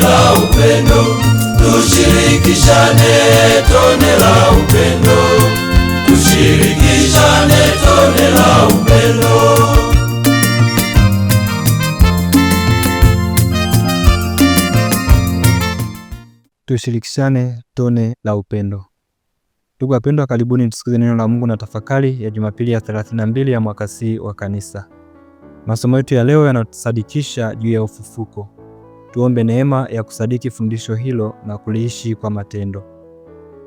la upendo, tushirikishane tone la upendo, tushirikishane tone la upendo. Tushirikishane tone la upendo. Ndugu wapendwa, karibuni tusikize neno la Mungu na tafakari ya Jumapili ya 32 ya mwaka C wa Kanisa. Masomo yetu ya leo yanatusadikisha juu ya ufufuko. Tuombe neema ya kusadiki fundisho hilo na kuliishi kwa matendo.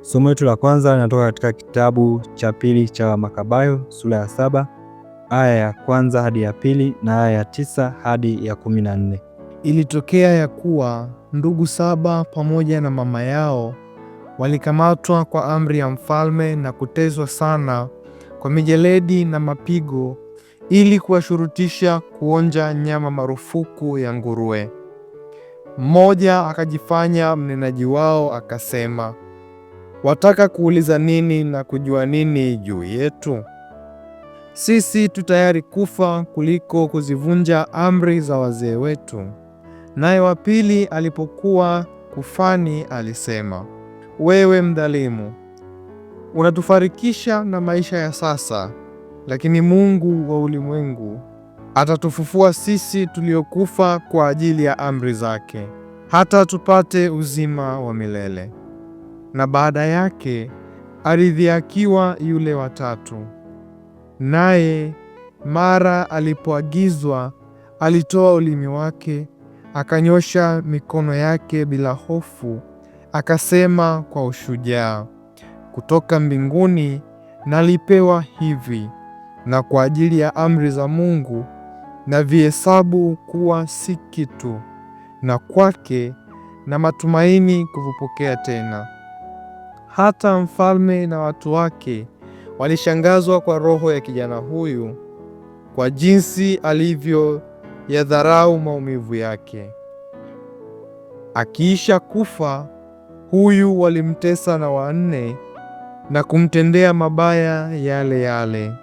Somo letu la kwanza linatoka katika kitabu cha pili cha makabayo sura ya saba aya ya kwanza hadi ya pili na aya ya tisa hadi ya kumi na nne. Ilitokea ya kuwa ndugu saba pamoja na mama yao walikamatwa kwa amri ya mfalme na kuteswa sana kwa mijeledi na mapigo, ili kuwashurutisha kuonja nyama marufuku ya nguruwe. Mmoja akajifanya mnenaji wao, akasema, wataka kuuliza nini na kujua nini juu yetu? Sisi tu tayari kufa kuliko kuzivunja amri za wazee wetu. Naye wa pili alipokuwa kufani alisema, wewe mdhalimu, unatufarikisha na maisha ya sasa, lakini Mungu wa ulimwengu atatufufua sisi tuliokufa kwa ajili ya amri zake, hata tupate uzima wa milele. Na baada yake aridhiakiwa yule watatu, naye mara alipoagizwa alitoa ulimi wake, akanyosha mikono yake bila hofu, akasema kwa ushujaa, kutoka mbinguni nalipewa hivi, na kwa ajili ya amri za Mungu na vihesabu kuwa si kitu, na kwake na matumaini kuvipokea tena. Hata mfalme na watu wake walishangazwa kwa roho ya kijana huyu, kwa jinsi alivyo dharau maumivu yake. Akiisha kufa huyu, walimtesa na wanne na kumtendea mabaya yale yale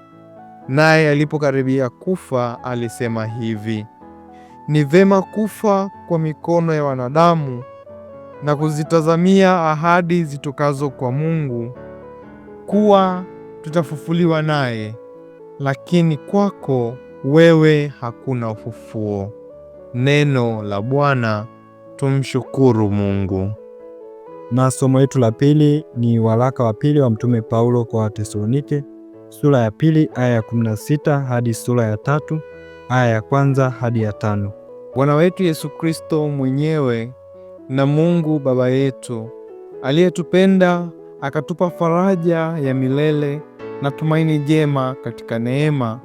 naye alipokaribia kufa alisema hivi: ni vema kufa kwa mikono ya wanadamu na kuzitazamia ahadi zitokazo kwa Mungu, kuwa tutafufuliwa naye. Lakini kwako wewe hakuna ufufuo. Neno la Bwana. Tumshukuru Mungu. Na somo letu la pili ni waraka wa pili wa Mtume Paulo kwa Watesalonike sura ya pili aya ya 16 hadi sura ya tatu aya ya kwanza hadi ya tano. Bwana wetu Yesu Kristo mwenyewe na Mungu Baba yetu aliyetupenda akatupa faraja ya milele na tumaini jema katika neema,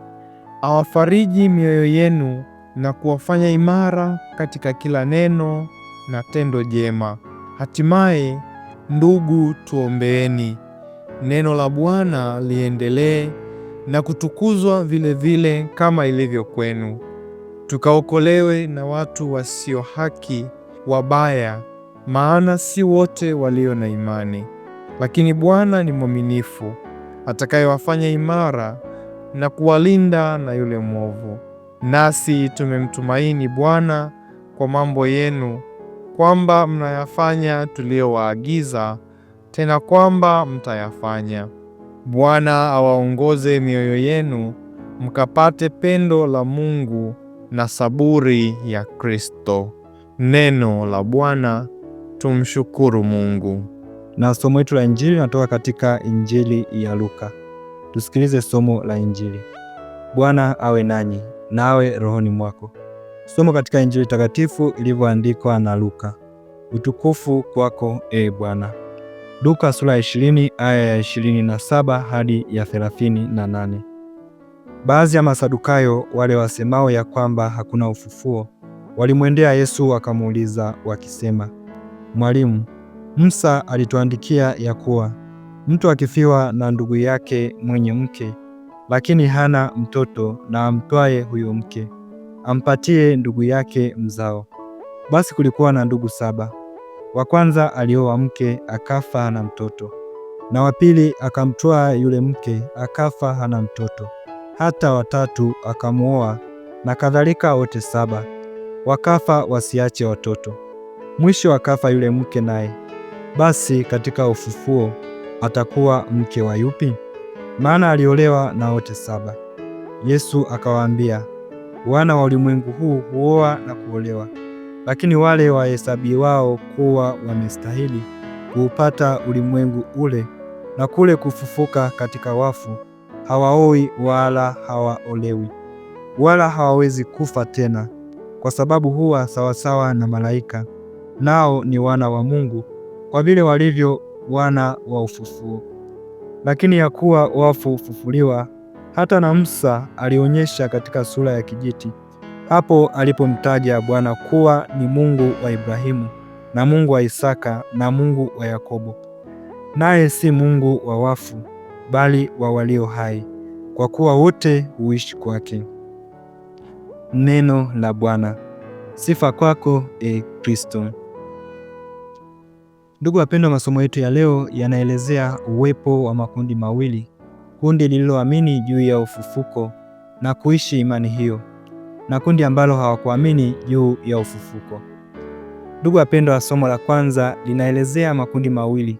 awafariji mioyo yenu na kuwafanya imara katika kila neno na tendo jema. Hatimaye, ndugu, tuombeeni neno la Bwana liendelee na kutukuzwa vile vile kama ilivyo kwenu, tukaokolewe na watu wasio haki wabaya, maana si wote walio na imani. Lakini Bwana ni mwaminifu, atakayewafanya imara na kuwalinda na yule mwovu. Nasi tumemtumaini Bwana kwa mambo yenu, kwamba mnayafanya tuliyowaagiza tena kwamba mtayafanya. Bwana awaongoze mioyo yenu mkapate pendo la Mungu na saburi ya Kristo. Neno la Bwana. Tumshukuru Mungu. Na somo letu la Injili linatoka katika Injili ya Luka. Tusikilize somo la Injili. Bwana awe nanyi nawe na rohoni mwako. Somo katika Injili takatifu ilivyoandikwa na Luka. Utukufu kwako, e Bwana. Luka sura ya 20 aya ya 27 hadi ya 38. Baadhi ya Masadukayo wale wasemao ya kwamba hakuna ufufuo walimwendea Yesu wakamuuliza wakisema, Mwalimu, Musa alituandikia ya kuwa mtu akifiwa na ndugu yake mwenye mke, lakini hana mtoto, na amtwaye huyo mke ampatie ndugu yake mzao. Basi kulikuwa na ndugu saba. Wa kwanza alioa mke akafa hana mtoto, na wa pili akamtwaa yule mke akafa hana mtoto, hata watatu akamwoa, na kadhalika wote saba wakafa wasiache watoto. Mwisho akafa yule mke naye. Basi katika ufufuo atakuwa mke wa yupi? Maana aliolewa na wote saba. Yesu akawaambia, wana wa ulimwengu huu huoa na kuolewa lakini wale wahesabiwao kuwa wamestahili kuupata ulimwengu ule na kule kufufuka katika wafu, hawaoi wala hawaolewi wala hawawezi kufa tena, kwa sababu huwa sawasawa na malaika, nao ni wana wa Mungu kwa vile walivyo wana wa ufufuo. Lakini ya kuwa wafu hufufuliwa, hata na Musa alionyesha katika sura ya kijiti hapo alipomtaja Bwana kuwa ni Mungu wa Ibrahimu na Mungu wa Isaka na Mungu wa Yakobo, naye si Mungu wa wafu, bali wa walio hai, kwa kuwa wote huishi kwake. Neno la Bwana. Sifa kwako e Kristo. Ndugu wapendwa, masomo yetu ya leo yanaelezea uwepo wa makundi mawili, kundi lililoamini juu ya ufufuko na kuishi imani hiyo na kundi ambalo hawakuamini juu ya ufufuko. Ndugu wapendwa, wa somo la kwanza linaelezea makundi mawili,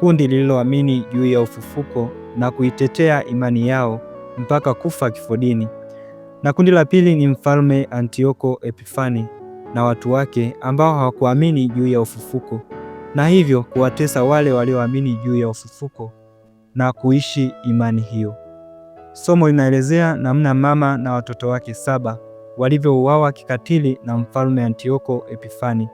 kundi lililoamini juu ya ufufuko na kuitetea imani yao mpaka kufa kifodini, na kundi la pili ni mfalme Antioko Epifani na watu wake ambao hawakuamini juu ya ufufuko, na hivyo kuwatesa wale walioamini juu ya ufufuko na kuishi imani hiyo. Somo linaelezea namna mama na watoto wake saba walivyouawa kikatili na mfalme Antioko Epifani.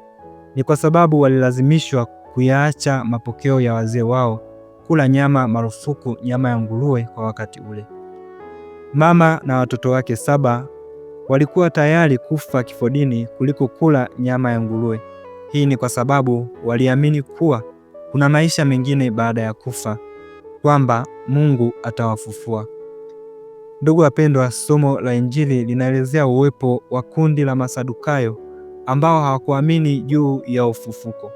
Ni kwa sababu walilazimishwa kuyaacha mapokeo ya wazee wao, kula nyama marufuku, nyama ya nguruwe kwa wakati ule. Mama na watoto wake saba walikuwa tayari kufa kifodini kuliko kula nyama ya nguruwe. Hii ni kwa sababu waliamini kuwa kuna maisha mengine baada ya kufa, kwamba Mungu atawafufua. Ndugu wapendwa, somo la Injili linaelezea uwepo wa kundi la Masadukayo ambao hawakuamini juu ya ufufuko.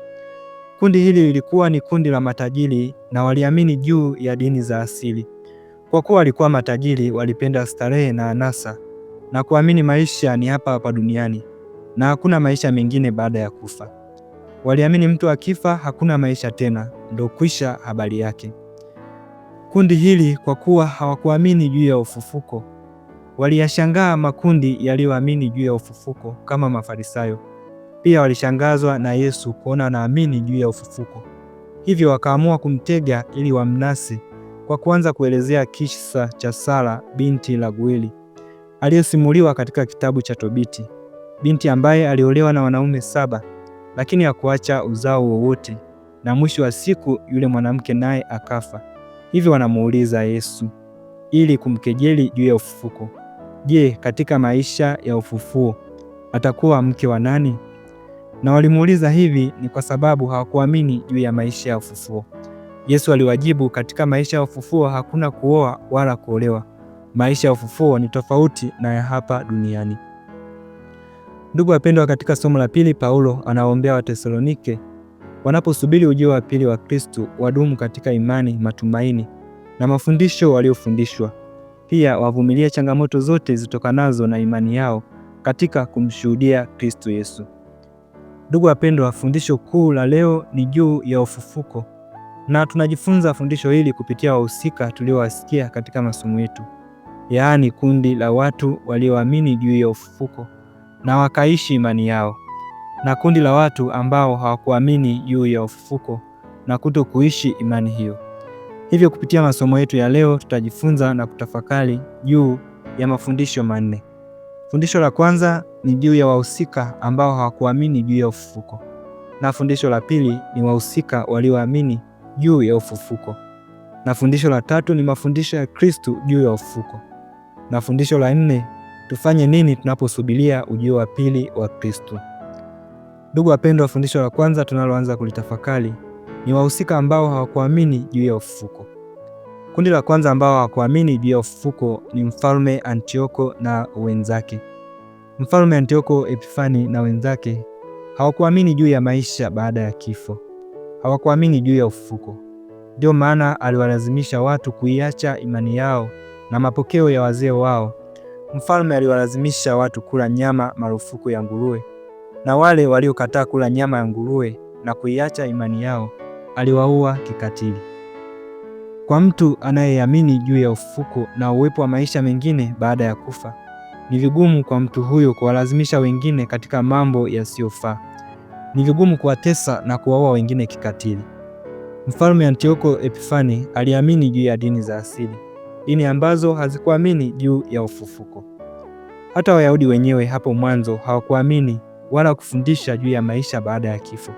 Kundi hili lilikuwa ni kundi la matajiri na waliamini juu ya dini za asili. Kwa kuwa walikuwa matajiri, walipenda starehe na anasa na kuamini maisha ni hapa hapa duniani na hakuna maisha mengine baada ya kufa. Waliamini mtu akifa hakuna maisha tena, ndio kwisha habari yake. Kundi hili kwa kuwa hawakuamini juu ya ufufuko, waliyashangaa makundi yaliyoamini juu ya ufufuko kama Mafarisayo. Pia walishangazwa na Yesu kuona anaamini juu ya ufufuko, hivyo wakaamua kumtega ili wamnasi kwa kuanza kuelezea kisa cha Sara binti Ragueli aliyesimuliwa katika kitabu cha Tobiti, binti ambaye aliolewa na wanaume saba lakini hakuacha uzao wowote, na mwisho wa siku yule mwanamke naye akafa. Hivyo wanamuuliza Yesu ili kumkejeli juu ya ufufuko. Je, katika maisha ya ufufuo atakuwa mke wa nani? Na walimuuliza hivi ni kwa sababu hawakuamini juu ya maisha ya ufufuo. Yesu aliwajibu, katika maisha ya ufufuo hakuna kuoa wala kuolewa. Maisha ya ufufuo ni tofauti na ya hapa duniani. Ndugu wapendwa, katika somo la pili Paulo anawaombea Watesalonike Wanaposubiri ujio wa pili wa Kristo, wadumu katika imani, matumaini na mafundisho waliofundishwa. Pia wavumilie changamoto zote zitokanazo na imani yao katika kumshuhudia Kristo Yesu. Ndugu wapendwa, fundisho kuu la leo ni juu ya ufufuko, na tunajifunza fundisho hili kupitia wahusika tuliowasikia katika masomo yetu, yaani kundi la watu walioamini juu ya ufufuko na wakaishi imani yao na kundi la watu ambao hawakuamini juu ya ufufuko na kuto kuishi imani hiyo. Hivyo, kupitia masomo yetu ya leo tutajifunza na kutafakari juu ya mafundisho manne. Fundisho la kwanza ni juu ya wahusika ambao hawakuamini juu ya ufufuko, na fundisho la pili ni wahusika walioamini juu ya ufufuko, na fundisho la tatu ni mafundisho ya Kristu juu ya ufufuko, na fundisho la nne, tufanye nini tunaposubiria ujio wa pili wa Kristu. Ndugu wapendwa, fundisho la kwanza tunaloanza kulitafakari ni wahusika ambao hawakuamini juu ya ufufuko. Kundi la kwanza ambao hawakuamini juu ya ufufuko ni mfalme Antioko na wenzake. Mfalme Antioko Epifani na wenzake hawakuamini juu ya maisha baada ya kifo, hawakuamini juu ya ufufuko. Ndio maana aliwalazimisha watu kuiacha imani yao na mapokeo ya wazee wao. Mfalme aliwalazimisha watu kula nyama marufuku ya nguruwe na wale waliokataa kula nyama ya nguruwe na kuiacha imani yao aliwaua kikatili. Kwa mtu anayeamini juu ya ufufuko na uwepo wa maisha mengine baada ya kufa, ni vigumu kwa mtu huyo kuwalazimisha wengine katika mambo yasiyofaa. Ni vigumu kuwatesa na kuwaua wengine kikatili. Mfalme Antioko Epifani aliamini juu ya dini za asili, dini ambazo hazikuamini juu ya ufufuko. Hata Wayahudi wenyewe hapo mwanzo hawakuamini wala kufundisha juu ya maisha baada ya kifo.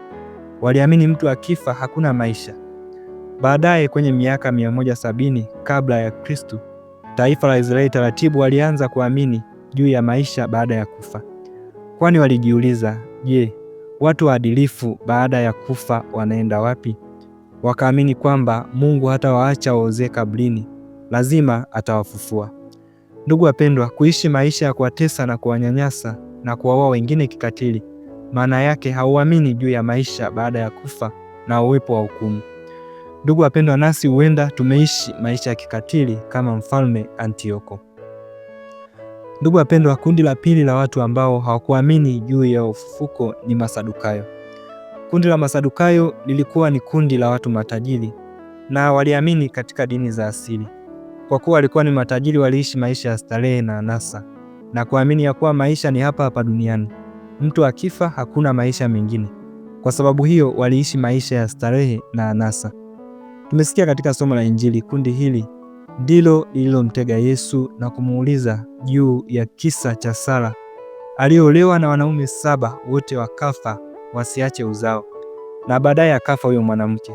Waliamini mtu akifa hakuna maisha. Baadaye kwenye miaka 170 kabla ya Kristo, taifa la Israeli taratibu walianza kuamini juu ya maisha baada ya kufa, kwani walijiuliza, je, watu waadilifu baada ya kufa wanaenda wapi? Wakaamini kwamba Mungu hatawaacha waozee kaburini, lazima atawafufua. Ndugu wapendwa, kuishi maisha ya kuwatesa na kuwanyanyasa na kuwaua wengine kikatili. Maana yake hauamini juu ya maisha baada ya kufa na uwepo wa hukumu. Ndugu wapendwa, nasi huenda tumeishi maisha ya kikatili kama mfalme Antioko. Ndugu wapendwa, kundi la pili la watu ambao hawakuamini juu ya ufufuko ni Masadukayo. Kundi la Masadukayo lilikuwa ni kundi la watu matajiri na waliamini katika dini za asili. Kwa kuwa walikuwa ni matajiri, waliishi maisha ya starehe na anasa na kuamini ya kuwa maisha ni hapa hapa duniani. Mtu akifa hakuna maisha mengine. Kwa sababu hiyo waliishi maisha ya starehe na anasa. Tumesikia katika somo la Injili, kundi hili ndilo lililomtega Yesu na kumuuliza juu ya kisa cha Sara aliyoolewa na wanaume saba, wote wakafa wasiache uzao, na baadaye akafa huyo mwanamke.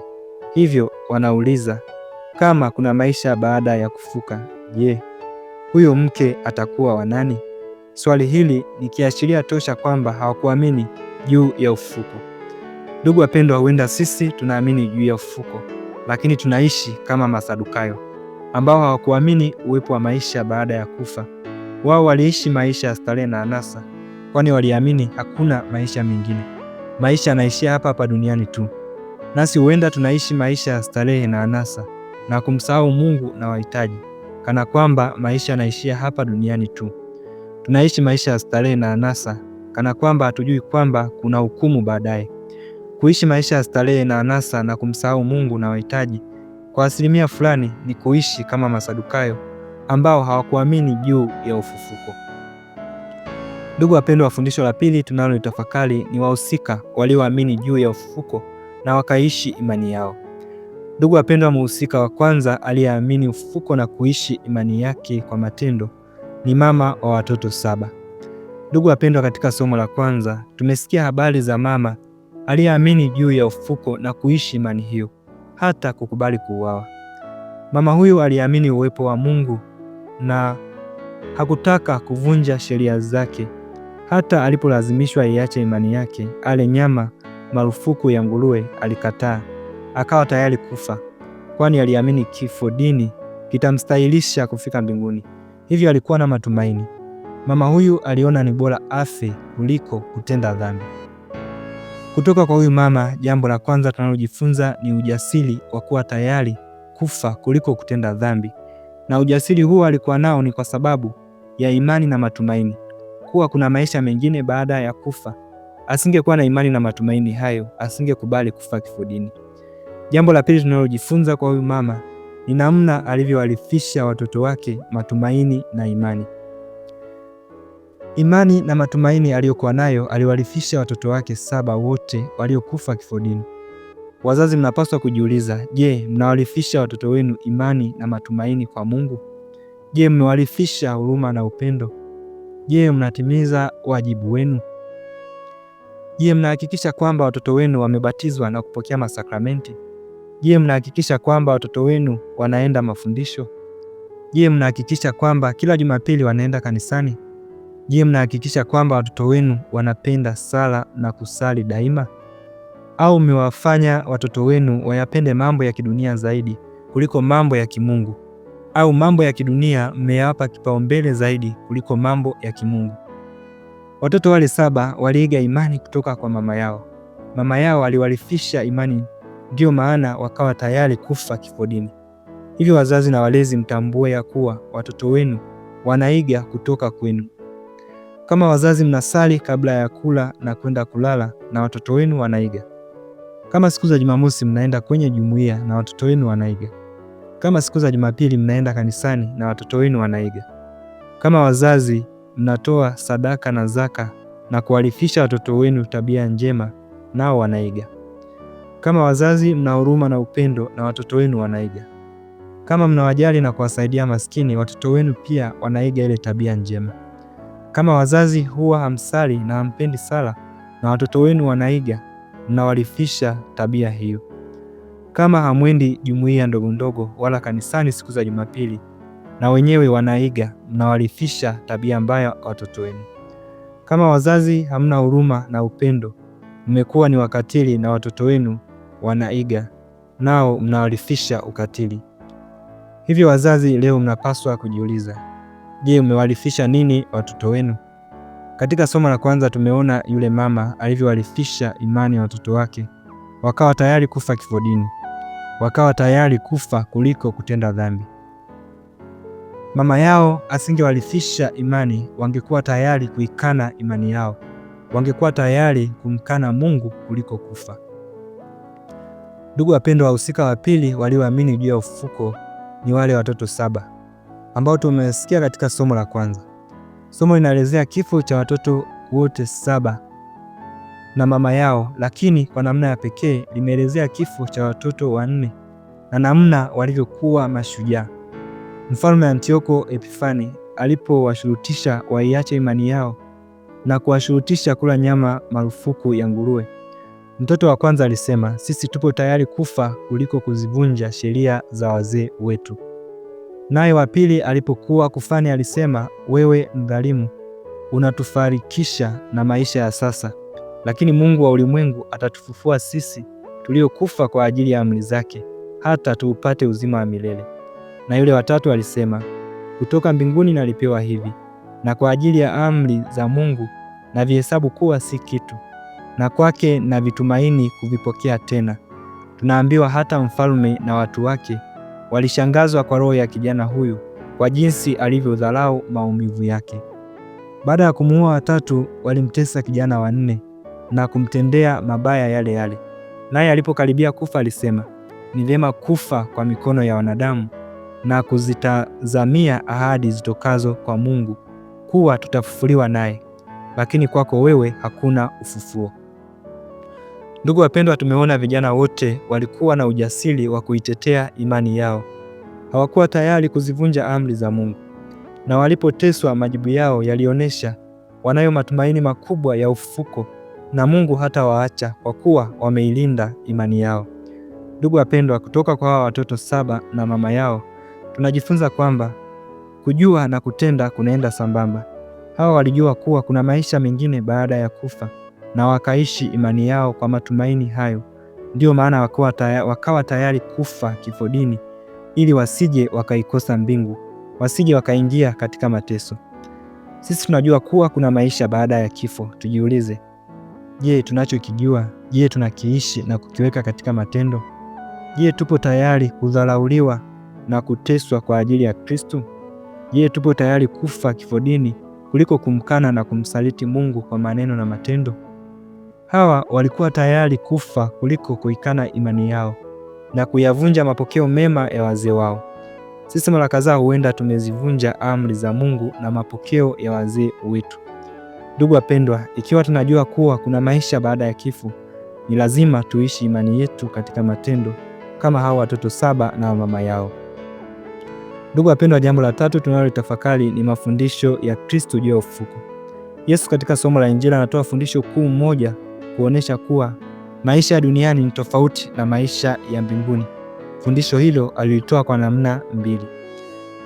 Hivyo wanauliza kama kuna maisha baada ya kufuka, je, yeah huyu mke atakuwa wa nani? Swali hili ni kiashiria tosha kwamba hawakuamini juu ya ufufuko. Ndugu wapendwa, huenda sisi tunaamini juu ya ufufuko, lakini tunaishi kama Masadukayo ambao hawakuamini uwepo wa maisha baada ya kufa. Wao waliishi maisha ya starehe na anasa, kwani waliamini hakuna maisha mengine, maisha yanaishia hapa hapa duniani tu. Nasi huenda tunaishi maisha ya starehe na anasa na kumsahau Mungu na wahitaji kana kwamba maisha yanaishia hapa duniani tu. Tunaishi maisha ya starehe na anasa, kana kwamba hatujui kwamba kuna hukumu baadaye. Kuishi maisha ya starehe na anasa na kumsahau Mungu na wahitaji, kwa asilimia fulani ni kuishi kama Masadukayo ambao hawakuamini juu ya ufufuko. Ndugu wapendwa, wa fundisho la pili tunalolitafakari ni wahusika walioamini juu ya ufufuko na wakaishi imani yao. Ndugu wapendwa, mhusika wa kwanza aliyeamini ufufuko na kuishi imani yake kwa matendo ni mama wa watoto saba. Ndugu wapendwa, katika somo la kwanza tumesikia habari za mama aliyeamini juu ya ufufuko na kuishi imani hiyo hata kukubali kuuawa. Mama huyu aliamini uwepo wa Mungu na hakutaka kuvunja sheria zake, hata alipolazimishwa iache imani yake ale nyama marufuku ya nguruwe alikataa akawa tayari kufa, kwani aliamini kifo dini kitamstahilisha kufika mbinguni, hivyo alikuwa na matumaini. Mama huyu aliona ni bora afe kuliko kutenda dhambi. Kutoka kwa huyu mama, jambo la kwanza tunalojifunza ni ujasiri wa kuwa tayari kufa kuliko kutenda dhambi, na ujasiri huo alikuwa nao ni kwa sababu ya imani na matumaini kuwa kuna maisha mengine baada ya kufa. Asingekuwa na imani na matumaini hayo, asingekubali kufa kifodini. Jambo la pili tunalojifunza kwa huyu mama ni namna alivyowarithisha watoto wake matumaini na imani. Imani na matumaini aliyokuwa nayo aliwarithisha watoto wake saba wote waliokufa kifodini. Wazazi mnapaswa kujiuliza, je, mnawarithisha watoto wenu imani na matumaini kwa Mungu? Je, mmewarithisha huruma na upendo? Je, mnatimiza wajibu wenu? Je, mnahakikisha kwamba watoto wenu wamebatizwa na kupokea masakramenti? Je, mnahakikisha kwamba watoto wenu wanaenda mafundisho? Je, mnahakikisha kwamba kila Jumapili wanaenda kanisani? Je, mnahakikisha kwamba watoto wenu wanapenda sala na kusali daima? Au mmewafanya watoto wenu wayapende mambo ya kidunia zaidi kuliko mambo ya kimungu? Au mambo ya kidunia mmeyapa kipaumbele zaidi kuliko mambo ya kimungu? Watoto wale saba waliiga imani kutoka kwa mama yao. Mama yao aliwarifisha imani Ndiyo maana wakawa tayari kufa kifodini. Hivyo wazazi na walezi, mtambue ya kuwa watoto wenu wanaiga kutoka kwenu. Kama wazazi mnasali kabla ya kula na kwenda kulala, na watoto wenu wanaiga. Kama siku za Jumamosi mnaenda kwenye jumuiya na watoto wenu wanaiga. Kama siku za Jumapili mnaenda kanisani na watoto wenu wanaiga. Kama wazazi mnatoa sadaka na zaka na kuwarifisha watoto wenu tabia njema, nao wanaiga. Kama wazazi, mna huruma na upendo na watoto wenu wanaiga. Kama mnawajali na kuwasaidia maskini, watoto wenu pia wanaiga ile tabia njema. Kama wazazi, huwa hamsali na hampendi sala na watoto wenu wanaiga, mnawarifisha tabia hiyo. Kama hamwendi jumuiya ndogo ndogo wala kanisani siku za Jumapili, na wenyewe wanaiga, mnawarifisha tabia mbaya watoto wenu. Kama wazazi hamna huruma na upendo, mmekuwa ni wakatili na watoto wenu wanaiga, nao mnawarithisha ukatili. Hivyo wazazi, leo mnapaswa kujiuliza, je, umewarithisha nini watoto wenu? Katika somo la kwanza tumeona yule mama alivyowarithisha imani ya watoto wake, wakawa tayari kufa kifodini, wakawa tayari kufa kuliko kutenda dhambi. Mama yao asingewarithisha imani, wangekuwa tayari kuikana imani yao, wangekuwa tayari kumkana Mungu kuliko kufa. Ndugu wapendwa, wahusika wa pili walioamini juu ya ufufuko ni wale watoto saba ambao tumesikia katika somo la kwanza. Somo linaelezea kifo cha watoto wote saba na mama yao, lakini kwa namna ya pekee limeelezea kifo cha watoto wanne na namna walivyokuwa mashujaa. Mfalme Antioko Epifani alipowashurutisha waiache imani yao na kuwashurutisha kula nyama marufuku ya nguruwe, Mtoto wa kwanza alisema, sisi tupo tayari kufa kuliko kuzivunja sheria za wazee wetu. Naye wa pili alipokuwa kufani alisema, wewe mdhalimu, unatufarikisha na maisha ya sasa, lakini Mungu wa ulimwengu atatufufua sisi tuliokufa kwa ajili ya amri zake, hata tuupate uzima wa milele. Na yule watatu alisema, kutoka mbinguni nalipewa hivi, na kwa ajili ya amri za Mungu navihesabu kuwa si kitu na kwake na vitumaini kuvipokea tena. Tunaambiwa hata mfalme na watu wake walishangazwa kwa roho ya kijana huyu, kwa jinsi alivyodharau maumivu yake. Baada ya kumuua watatu, walimtesa kijana wa nne na kumtendea mabaya yale yale. Naye alipokaribia kufa alisema, ni vyema kufa kwa mikono ya wanadamu na kuzitazamia ahadi zitokazo kwa Mungu, kuwa tutafufuliwa naye, lakini kwako wewe hakuna ufufuo. Ndugu wapendwa, tumeona vijana wote walikuwa na ujasiri wa kuitetea imani yao. Hawakuwa tayari kuzivunja amri za Mungu, na walipoteswa, majibu yao yalionyesha wanayo matumaini makubwa ya ufufuko, na Mungu hata waacha kwa kuwa wameilinda imani yao. Ndugu wapendwa, kutoka kwa hawa watoto saba na mama yao tunajifunza kwamba kujua na kutenda kunaenda sambamba. Hawa walijua kuwa kuna maisha mengine baada ya kufa na wakaishi imani yao kwa matumaini hayo. Ndiyo maana wakawa tayari, wakawa tayari kufa kifodini ili wasije wakaikosa mbingu, wasije wakaingia katika mateso. Sisi tunajua kuwa kuna maisha baada ya kifo. Tujiulize, je, tunachokijua, je, tunakiishi na kukiweka katika matendo? Je, tupo tayari kudharauliwa na kuteswa kwa ajili ya Kristo? Je, tupo tayari kufa kifodini kuliko kumkana na kumsaliti Mungu kwa maneno na matendo? Hawa walikuwa tayari kufa kuliko kuikana imani yao na kuyavunja mapokeo mema ya wazee wao. Sisi mara kadhaa huenda tumezivunja amri za Mungu na mapokeo ya wazee wetu. Ndugu wapendwa, ikiwa tunajua kuwa kuna maisha baada ya kifo, ni lazima tuishi imani yetu katika matendo kama hawa watoto saba na mama yao. Ndugu wapendwa, jambo la tatu tunalotafakari ni mafundisho ya Kristo juu ya ufufuko. Yesu katika somo la Injili anatoa fundisho kuu moja kuonesha kuwa maisha ya duniani ni tofauti na maisha ya mbinguni. Fundisho hilo alilitoa kwa namna mbili.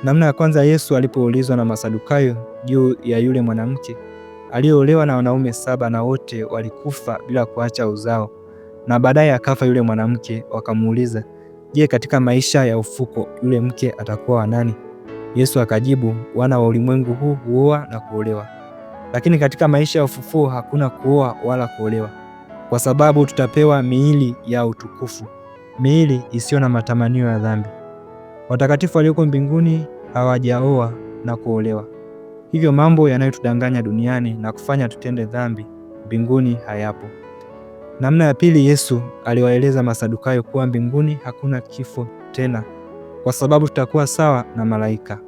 Namna ya kwanza, Yesu alipoulizwa na Masadukayo juu ya yule mwanamke aliyeolewa na wanaume saba na wote walikufa bila kuacha uzao, na baadaye akafa yule mwanamke. Wakamuuliza, je, katika maisha ya ufuko yule mke atakuwa wa nani? Yesu akajibu, wana wa ulimwengu huu huoa na kuolewa, lakini katika maisha ya ufufuo hakuna kuoa wala kuolewa kwa sababu tutapewa miili ya utukufu, miili isiyo na matamanio ya dhambi. Watakatifu walioko mbinguni hawajaoa na kuolewa, hivyo mambo yanayotudanganya duniani na kufanya tutende dhambi mbinguni hayapo. Namna ya pili, Yesu aliwaeleza Masadukayo kuwa mbinguni hakuna kifo tena, kwa sababu tutakuwa sawa na malaika.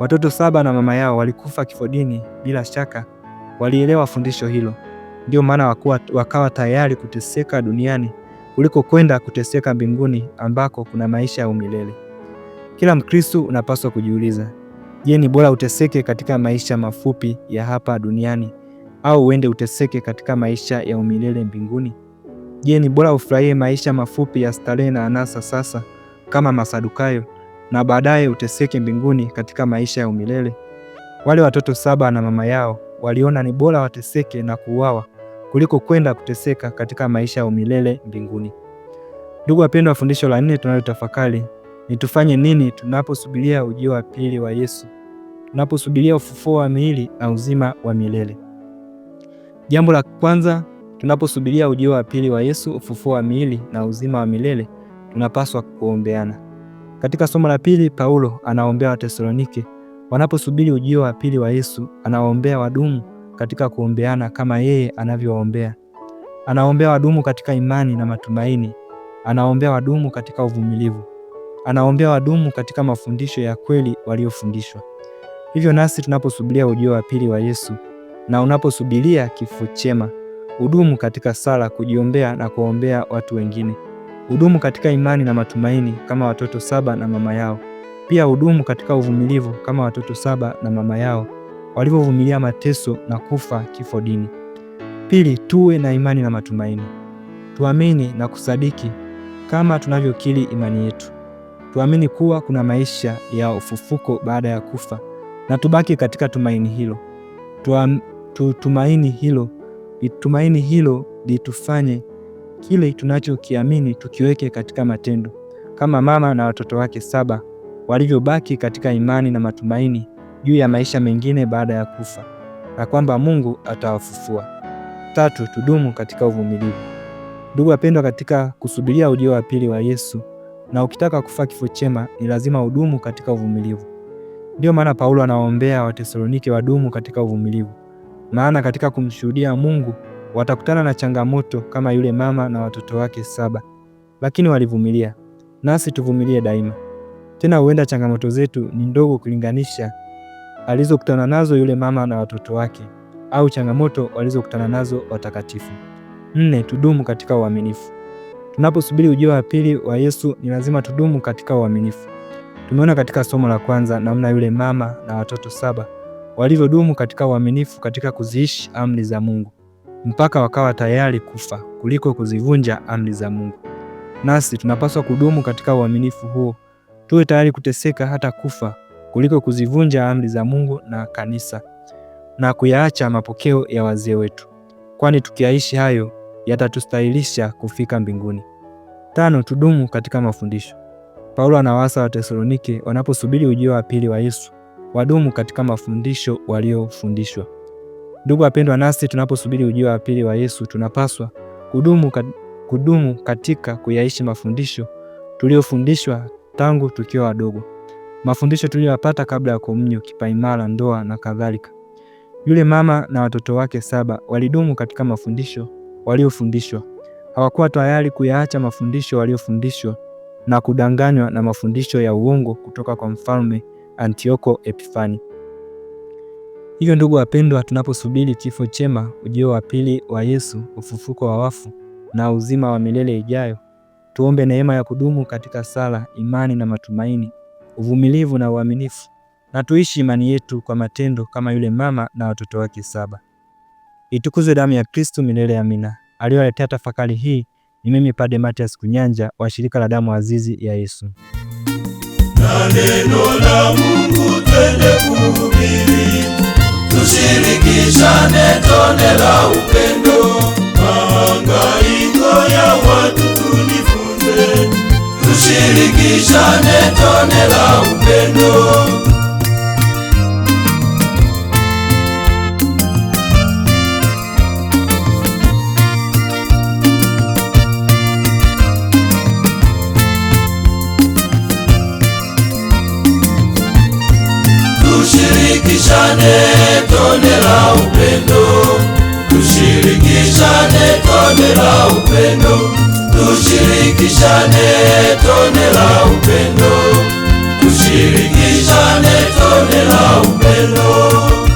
Watoto saba na mama yao walikufa kifodini, bila shaka walielewa fundisho hilo. Ndio maana wakawa tayari kuteseka duniani kuliko kwenda kuteseka mbinguni ambako kuna maisha ya umilele. Kila Mkristo unapaswa kujiuliza, je, ni bora uteseke katika maisha mafupi ya hapa duniani au uende uteseke katika maisha ya umilele mbinguni? Je, ni bora ufurahie maisha mafupi ya starehe na anasa sasa kama Masadukayo na baadaye uteseke mbinguni katika maisha ya umilele? Wale watoto saba na mama yao waliona ni bora wateseke na kuuawa kuliko kwenda kuteseka katika maisha ya milele mbinguni. Ndugu wapendwa, fundisho la nne tunalotafakari ni tufanye nini tunaposubiria ujio wa pili wa Yesu, tunaposubiria ufufuo wa miili na uzima wa milele. Jambo la kwanza, tunaposubiria ujio wa pili wa Yesu, ufufuo wa miili na uzima wa milele, tunapaswa kuombeana. Katika somo la pili, Paulo anaombea Watesalonike wanaposubiri ujio wa pili wa Yesu, anawaombea wadumu katika kuombeana kama yeye anavyoombea Anaombea wadumu katika imani na matumaini, anaombea wadumu katika uvumilivu, anaombea wadumu katika mafundisho ya kweli waliofundishwa. Hivyo nasi tunaposubiria ujio wa pili wa Yesu na unaposubiria kifo chema, udumu katika sala, kujiombea na kuombea watu wengine. Udumu katika imani na matumaini kama watoto saba na mama yao. Pia udumu katika uvumilivu kama watoto saba na mama yao walivyovumilia mateso na kufa kifo dini. Pili, tuwe na imani na matumaini. Tuamini na kusadiki kama tunavyokiri imani yetu. Tuamini kuwa kuna maisha ya ufufuko baada ya kufa na tubaki katika tumaini hilo. Tuam, tu, tumaini hilo tumaini hilo litufanye kile tunachokiamini tukiweke katika matendo, kama mama na watoto wake saba walivyobaki katika imani na matumaini juu ya maisha mengine baada ya kufa na kwamba Mungu atawafufua. Tatu, tudumu katika uvumilivu. Ndugu wapendwa, katika kusubiria ujio wa pili wa Yesu na ukitaka kufa kifo chema, ni lazima udumu katika uvumilivu. Ndiyo maana Paulo anawaombea Watesalonike wadumu katika uvumilivu, maana katika kumshuhudia Mungu watakutana na changamoto kama yule mama na watoto wake saba, lakini walivumilia. Nasi tuvumilie daima. Tena huenda changamoto zetu ni ndogo kulinganisha alizokutana nazo yule mama na watoto wake au changamoto walizokutana nazo watakatifu. Nne, tudumu katika uaminifu. Tunaposubiri ujio wa pili wa Yesu ni lazima tudumu katika uaminifu. Tumeona katika somo la kwanza namna yule mama na watoto saba walivyodumu katika uaminifu katika kuziishi amri za Mungu mpaka wakawa tayari kufa kuliko kuzivunja amri za Mungu. Nasi tunapaswa kudumu katika uaminifu huo, tuwe tayari kuteseka hata kufa kuliko kuzivunja amri za Mungu na kanisa na kuyaacha mapokeo ya wazee wetu, kwani tukiyaishi hayo yatatustahilisha kufika mbinguni. Tano, tudumu katika mafundisho. Paulo anawaasa Watesalonike wanaposubiri ujio wa pili wa Yesu wadumu katika mafundisho waliofundishwa. Ndugu wapendwa, nasi tunaposubiri ujio wa pili wa Yesu tunapaswa kudumu, kat, kudumu katika kuyaishi mafundisho tuliyofundishwa tangu tukiwa wadogo mafundisho tuliyoyapata kabla ya komunyo, kipaimara, ndoa na kadhalika. Yule mama na watoto wake saba walidumu katika mafundisho waliofundishwa. Hawakuwa tayari kuyaacha mafundisho waliofundishwa na kudanganywa na mafundisho ya uongo kutoka kwa mfalme Antioko Epifani. Hivyo ndugu wapendwa, tunaposubiri kifo chema, ujio wa pili wa Yesu, ufufuko wa wafu na uzima wa milele ijayo, tuombe neema ya kudumu katika sala, imani na matumaini uvumilivu na uaminifu, na tuishi imani yetu kwa matendo kama yule mama na watoto wake saba. Itukuzwe damu ya Kristu, milele amina. aliyoletea tafakari hii ni mimi Padre Matias Kunyanja wa shirika la damu azizi ya Yesu. Na neno la Mungu twende kuhubiri, tushirikishane tone la upendo. Tushirikishane tone la upendo. Tushirikishane tone la upendo. Tushirikishane tone la upendo. Tushirikishane tone la upendo, tushirikishane tone la upendo.